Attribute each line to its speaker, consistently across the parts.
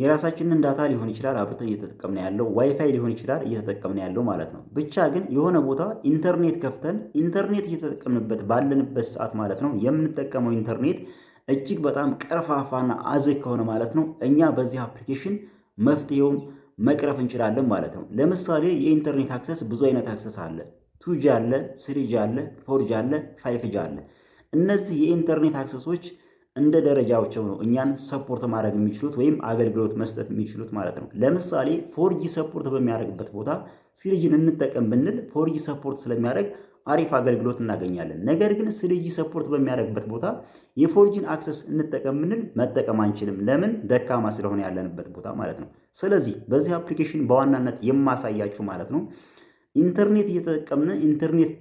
Speaker 1: የራሳችንን ዳታ ሊሆን ይችላል አብርተን እየተጠቀምን ያለው ዋይፋይ ሊሆን ይችላል እየተጠቀምን ያለው ማለት ነው። ብቻ ግን የሆነ ቦታ ኢንተርኔት ከፍተን ኢንተርኔት እየተጠቀምንበት ባለንበት ሰዓት ማለት ነው የምንጠቀመው ኢንተርኔት እጅግ በጣም ቀርፋፋና አዘግ ከሆነ ማለት ነው እኛ በዚህ አፕሊኬሽን መፍትሄውም መቅረፍ እንችላለን ማለት ነው። ለምሳሌ የኢንተርኔት አክሰስ ብዙ አይነት አክሰስ አለ። ቱጂ አለ፣ ስሪጂ አለ፣ ፎርጂ አለ፣ ፋይፍጂ አለ። እነዚህ የኢንተርኔት አክሰሶች እንደ ደረጃቸው ነው እኛን ሰፖርት ማድረግ የሚችሉት ወይም አገልግሎት መስጠት የሚችሉት ማለት ነው። ለምሳሌ ፎርጂ ሰፖርት በሚያደርግበት ቦታ ስሪጅን እንጠቀም ብንል ፎርጂ ሰፖርት ስለሚያደርግ አሪፍ አገልግሎት እናገኛለን። ነገር ግን ስሪጂ ሰፖርት በሚያደርግበት ቦታ የፎርጂን አክሰስ እንጠቀም ብንል መጠቀም አንችልም። ለምን? ደካማ ስለሆነ ያለንበት ቦታ ማለት ነው። ስለዚህ በዚህ አፕሊኬሽን በዋናነት የማሳያችሁ ማለት ነው ኢንተርኔት እየተጠቀምን ኢንተርኔት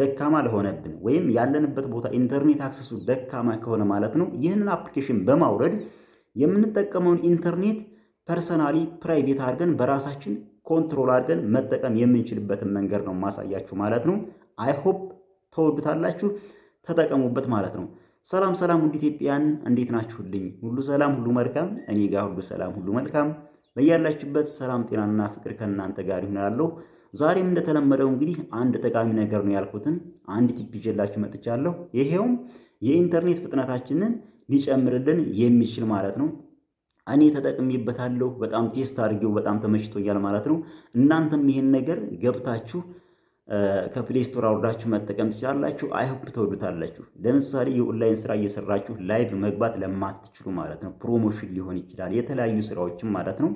Speaker 1: ደካማ ለሆነብን ወይም ያለንበት ቦታ ኢንተርኔት አክሰሱ ደካማ ከሆነ ማለት ነው ይህንን አፕሊኬሽን በማውረድ የምንጠቀመውን ኢንተርኔት ፐርሰናሊ ፕራይቬት አድርገን በራሳችን ኮንትሮል አድርገን መጠቀም የምንችልበትን መንገድ ነው ማሳያችሁ ማለት ነው። አይሆፕ ተወዱታላችሁ፣ ተጠቀሙበት ማለት ነው። ሰላም ሰላም፣ ሁሉ ኢትዮጵያን እንዴት ናችሁልኝ? ሁሉ ሰላም፣ ሁሉ መልካም። እኔ ጋር ሁሉ ሰላም፣ ሁሉ መልካም። በያላችሁበት ሰላም፣ ጤናና ፍቅር ከእናንተ ጋር ይሆናለሁ። ዛሬም እንደተለመደው እንግዲህ አንድ ጠቃሚ ነገር ነው ያልኩትን አንድ ቲፕ ይዤላችሁ መጥቻለሁ። ይሄውም የኢንተርኔት ፍጥነታችንን ሊጨምርልን የሚችል ማለት ነው። እኔ ተጠቅሜበታለሁ። በጣም ቴስት አድርጌው በጣም ተመችቶኛል ማለት ነው። እናንተም ይሄን ነገር ገብታችሁ ከፕሌይ ስቶር አውርዳችሁ መጠቀም ትችላላችሁ። አይሆፕ ተወዱታላችሁ። ለምሳሌ የኦንላይን ስራ እየሰራችሁ ላይቭ መግባት ለማትችሉ ማለት ነው፣ ፕሮሞሽን ሊሆን ይችላል የተለያዩ ስራዎችም ማለት ነው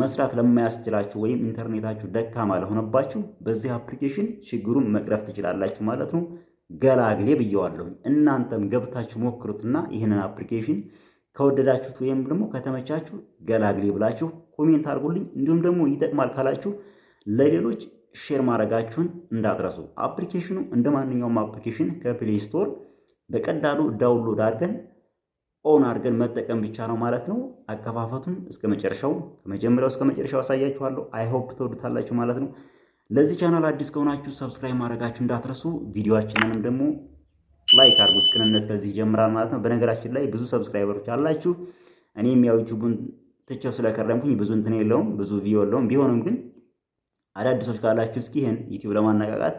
Speaker 1: መስራት ለማያስችላችሁ ወይም ኢንተርኔታችሁ ደካማ ለሆነባችሁ በዚህ አፕሊኬሽን ችግሩን መቅረፍ ትችላላችሁ ማለት ነው። ገላግሌ ብየዋለሁ። እናንተም ገብታችሁ ሞክሩትና ይህንን አፕሊኬሽን ከወደዳችሁት ወይም ደግሞ ከተመቻችሁ ገላግሌ ብላችሁ ኮሜንት አድርጉልኝ። እንዲሁም ደግሞ ይጠቅማል ካላችሁ ለሌሎች ሼር ማድረጋችሁን እንዳትረሱ። አፕሊኬሽኑ እንደ ማንኛውም አፕሊኬሽን ከፕሌይ ስቶር በቀላሉ ዳውንሎድ አድርገን ኦን አድርገን መጠቀም ብቻ ነው ማለት ነው። አከፋፈቱን እስከ መጨረሻው ከመጀመሪያው እስከ መጨረሻው አሳያችኋለሁ። አይሆፕ ተወዱታላችሁ ማለት ነው። ለዚህ ቻናል አዲስ ከሆናችሁ ሰብስክራይብ ማድረጋችሁ እንዳትረሱ፣ ቪዲዮአችንንም ደግሞ ላይክ አድርጉት። ቅንነት ከዚህ ይጀምራል ማለት ነው። በነገራችን ላይ ብዙ ሰብስክራይበሮች አላችሁ። እኔም ያው ዩቲዩቡን ትቼው ስለከረምኩኝ ብዙ እንትን የለውም ብዙ ቪው የለውም። ቢሆንም ግን አዳዲሶች ካላችሁ እስኪ ይህን ዩቲዩብ ለማነቃቃት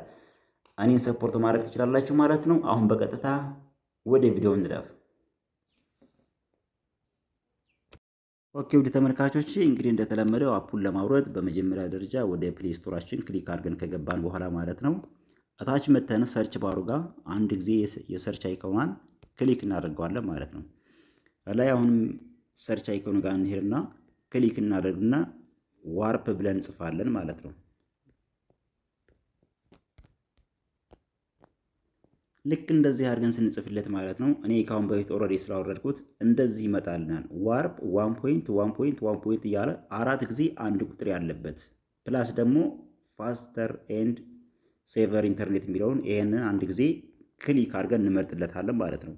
Speaker 1: እኔን ሰፖርት ማድረግ ትችላላችሁ ማለት ነው። አሁን በቀጥታ ወደ ቪዲዮ እንለፍ። ኦኬ ውድ ተመልካቾች እንግዲህ እንደተለመደው አፑን ለማውረድ በመጀመሪያ ደረጃ ወደ ፕሌይ ስቶራችን ክሊክ አድርገን ከገባን በኋላ ማለት ነው እታች መተን ሰርች ባሩ ጋር አንድ ጊዜ የሰርች አይኮኗን ክሊክ እናደርገዋለን ማለት ነው። ላይ አሁንም ሰርች አይኮኑ ጋር እንሄድና ክሊክ እናደርግና ዋርፕ ብለን እንጽፋለን ማለት ነው። ልክ እንደዚህ አድርገን ስንጽፍለት ማለት ነው። እኔ ካሁን በፊት ኦልሬዲ ስላወረድኩት እንደዚህ ይመጣልናል። ዋርፕ ዋን ፖይንት ዋን ፖይንት ዋን ፖይንት እያለ አራት ጊዜ አንድ ቁጥር ያለበት ፕላስ ደግሞ ፋስተር ኤንድ ሴቨር ኢንተርኔት የሚለውን ይህንን አንድ ጊዜ ክሊክ አድርገን እንመርጥለታለን ማለት ነው።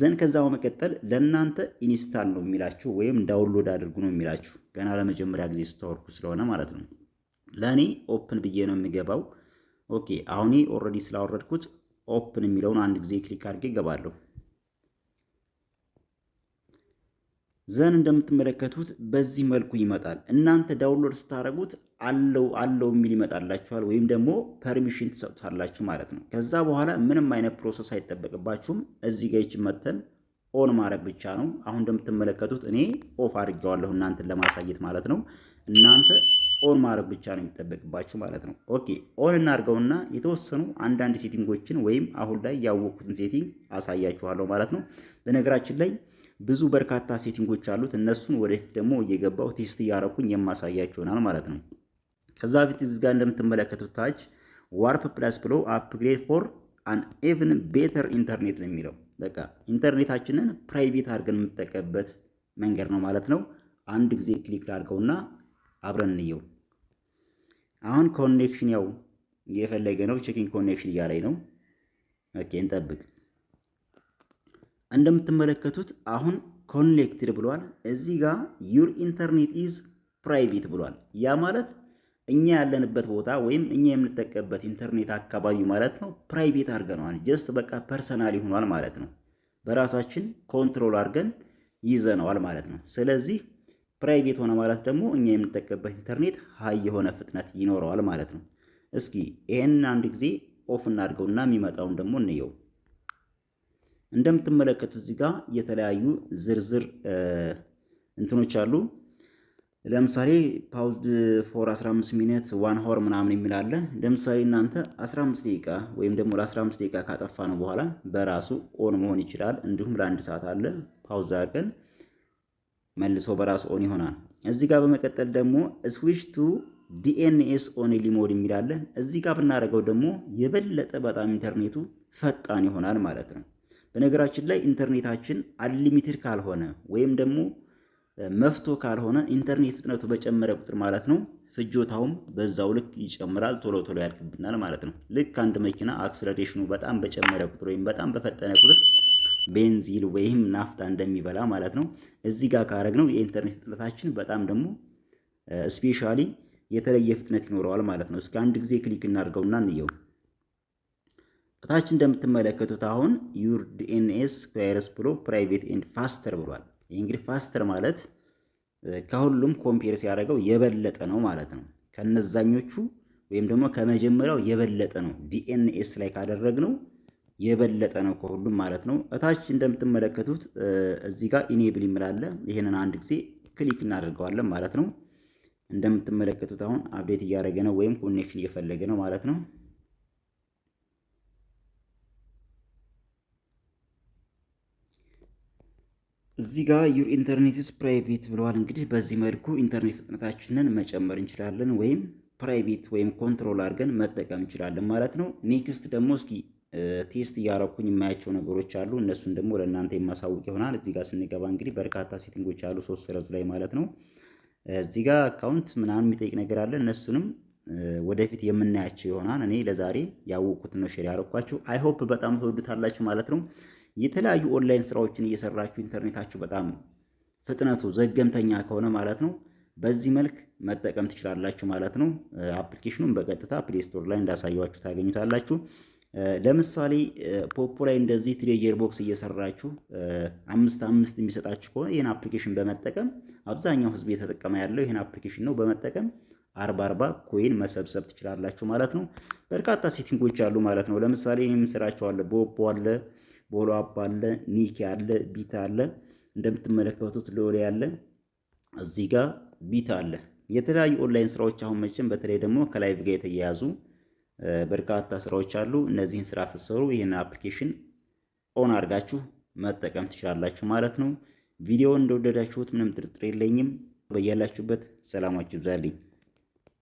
Speaker 1: ዘን ከዛ በመቀጠል ለእናንተ ኢንስታል ነው የሚላችሁ ወይም ዳውንሎድ አድርጉ ነው የሚላችሁ። ገና ለመጀመሪያ ጊዜ ስታወርኩ ስለሆነ ማለት ነው። ለእኔ ኦፕን ብዬ ነው የሚገባው። ኦኬ አሁን ኦልሬዲ ስላወረድኩት ኦፕን የሚለውን አንድ ጊዜ ክሊክ አድርጌ ይገባለሁ። ዘን እንደምትመለከቱት በዚህ መልኩ ይመጣል። እናንተ ዳውንሎድ ስታደርጉት አለው አለው የሚል ይመጣላችኋል፣ ወይም ደግሞ ፐርሚሽን ትሰጡታላችሁ ማለት ነው። ከዛ በኋላ ምንም አይነት ፕሮሰስ አይጠበቅባችሁም። እዚህ ጋር ይችን መተን ኦን ማድረግ ብቻ ነው። አሁን እንደምትመለከቱት እኔ ኦፍ አድርጌዋለሁ እናንተን ለማሳየት ማለት ነው። እናንተ ኦን ማድረግ ብቻ ነው የሚጠበቅባቸው ማለት ነው። ኦኬ ኦን እናድርገውና የተወሰኑ አንዳንድ ሴቲንጎችን ወይም አሁን ላይ ያወቅኩትን ሴቲንግ አሳያችኋለሁ ማለት ነው። በነገራችን ላይ ብዙ በርካታ ሴቲንጎች አሉት። እነሱን ወደፊት ደግሞ እየገባው ቴስት እያረኩኝ የማሳያችሁ ይሆናል ማለት ነው። ከዛ በፊት እዚህ ጋር እንደምትመለከቱት ታች ዋርፕ ፕላስ ብሎ አፕግሬድ ፎር አን ኤቭን ቤተር ኢንተርኔት ነው የሚለው። በቃ ኢንተርኔታችንን ፕራይቬት አድርገን የምጠቀምበት መንገድ ነው ማለት ነው። አንድ ጊዜ ክሊክ ላድርገውና አብረን እንየው። አሁን ኮኔክሽን ያው እየፈለገ ነው። ቼኪንግ ኮኔክሽን እያላይ ነው። ኦኬ እንጠብቅ። እንደምትመለከቱት አሁን ኮኔክትድ ብሏል። እዚህ ጋር ዩር ኢንተርኔት ኢዝ ፕራይቬት ብሏል። ያ ማለት እኛ ያለንበት ቦታ ወይም እኛ የምንጠቀምበት ኢንተርኔት አካባቢ ማለት ነው ፕራይቬት አድርገነዋል። ጀስት በቃ ፐርሰናል ይሆኗል ማለት ነው። በራሳችን ኮንትሮል አድርገን ይዘነዋል ማለት ነው። ስለዚህ ፕራይቬት ሆነ ማለት ደግሞ እኛ የምንጠቀምበት ኢንተርኔት ሀይ የሆነ ፍጥነት ይኖረዋል ማለት ነው። እስኪ ይሄንን አንድ ጊዜ ኦፍ እናድርገውና የሚመጣውን ደግሞ እንየው። እንደምትመለከቱት እዚህ ጋር የተለያዩ ዝርዝር እንትኖች አሉ። ለምሳሌ ፓውዝድ ፎር 15 ሚኒት ዋን ሆር ምናምን የሚል አለ። ለምሳሌ እናንተ 15 ደቂቃ ወይም ደግሞ ለ15 ደቂቃ ካጠፋ ነው በኋላ በራሱ ኦን መሆን ይችላል። እንዲሁም ለአንድ ሰዓት አለ ፓውዝ አድርገን መልሶ በራስ ኦን ይሆናል። እዚህ ጋር በመቀጠል ደግሞ ስዊች ቱ ዲኤንኤስ ኦንሊ ሞድ የሚላለን እዚህ ጋር ብናደርገው ደግሞ የበለጠ በጣም ኢንተርኔቱ ፈጣን ይሆናል ማለት ነው። በነገራችን ላይ ኢንተርኔታችን አንሊሚትድ ካልሆነ ወይም ደግሞ መፍቶ ካልሆነ ኢንተርኔት ፍጥነቱ በጨመረ ቁጥር ማለት ነው ፍጆታውም በዛው ልክ ይጨምራል፣ ቶሎ ቶሎ ያልቅብናል ማለት ነው። ልክ አንድ መኪና አክስለሬሽኑ በጣም በጨመረ ቁጥር ወይም በጣም በፈጠነ ቁጥር ቤንዚል ወይም ናፍታ እንደሚበላ ማለት ነው። እዚህ ጋር ካረግ ነው የኢንተርኔት ፍጥነታችን በጣም ደግሞ ስፔሻሊ የተለየ ፍጥነት ይኖረዋል ማለት ነው። እስከ አንድ ጊዜ ክሊክ እናድርገውና እንየው። እታች እንደምትመለከቱት አሁን ዩር ዲኤንኤስ ቫይረስ ብሎ ፕራይቬት ኤንድ ፋስተር ብሏል። ይህ እንግዲህ ፋስተር ማለት ከሁሉም ኮምፔር ሲያደርገው የበለጠ ነው ማለት ነው። ከነዛኞቹ ወይም ደግሞ ከመጀመሪያው የበለጠ ነው ዲኤንኤስ ላይ ካደረግነው የበለጠ ነው ከሁሉም ማለት ነው። እታች እንደምትመለከቱት እዚህ ጋር ኢኔብል ይምላለ ይህንን አንድ ጊዜ ክሊክ እናደርገዋለን ማለት ነው። እንደምትመለከቱት አሁን አፕዴት እያደረገ ነው ወይም ኮኔክሽን እየፈለገ ነው ማለት ነው። እዚህ ጋር ዩር ኢንተርኔትስ ፕራይቬት ብለዋል። እንግዲህ በዚህ መልኩ ኢንተርኔት ፍጥነታችንን መጨመር እንችላለን ወይም ፕራይቬት ወይም ኮንትሮል አድርገን መጠቀም እንችላለን ማለት ነው። ኔክስት ደግሞ እስኪ ቴስት እያረኩኝ የማያቸው ነገሮች አሉ። እነሱን ደግሞ ለእናንተ የማሳውቅ ይሆናል። እዚህ ጋር ስንገባ እንግዲህ በርካታ ሴቲንጎች አሉ፣ ሶስት ሰረዙ ላይ ማለት ነው። እዚህ ጋር አካውንት ምናምን የሚጠይቅ ነገር አለ። እነሱንም ወደፊት የምናያቸው ይሆናል። እኔ ለዛሬ ያወቅኩትን ነው ሼር ያረኳችሁ። አይሆፕ በጣም ተወዱታላችሁ ማለት ነው። የተለያዩ ኦንላይን ስራዎችን እየሰራችሁ ኢንተርኔታችሁ በጣም ፍጥነቱ ዘገምተኛ ከሆነ ማለት ነው በዚህ መልክ መጠቀም ትችላላችሁ ማለት ነው። አፕሊኬሽኑን በቀጥታ ፕሌይ ስቶር ላይ እንዳሳየዋችሁ ታገኙታላችሁ። ለምሳሌ ፖፖ ላይ እንደዚህ ትሪ ቦክስ እየሰራችሁ አምስት አምስት የሚሰጣችሁ ከሆነ ይህን አፕሊኬሽን በመጠቀም አብዛኛው ህዝብ እየተጠቀመ ያለው ይህን አፕሊኬሽን ነው። በመጠቀም አርባ አርባ ኮይን መሰብሰብ ትችላላችሁ ማለት ነው። በርካታ ሴቲንጎች አሉ ማለት ነው። ለምሳሌ እኔም ስራቸው አለ፣ ቦፖ አለ፣ ቦሎ አፕ አለ፣ ኒኪ አለ፣ ቢት አለ፣ እንደምትመለከቱት ሎሌ አለ፣ እዚህ ጋር ቢት አለ። የተለያዩ ኦንላይን ስራዎች አሁን መቼም በተለይ ደግሞ ከላይቭ ጋር የተያያዙ በርካታ ስራዎች አሉ። እነዚህን ስራ ስትሰሩ ይህን አፕሊኬሽን ኦን አድርጋችሁ መጠቀም ትችላላችሁ ማለት ነው። ቪዲዮውን እንደወደዳችሁት ምንም ጥርጥር የለኝም። በያላችሁበት ሰላማችሁ ይብዛልኝ።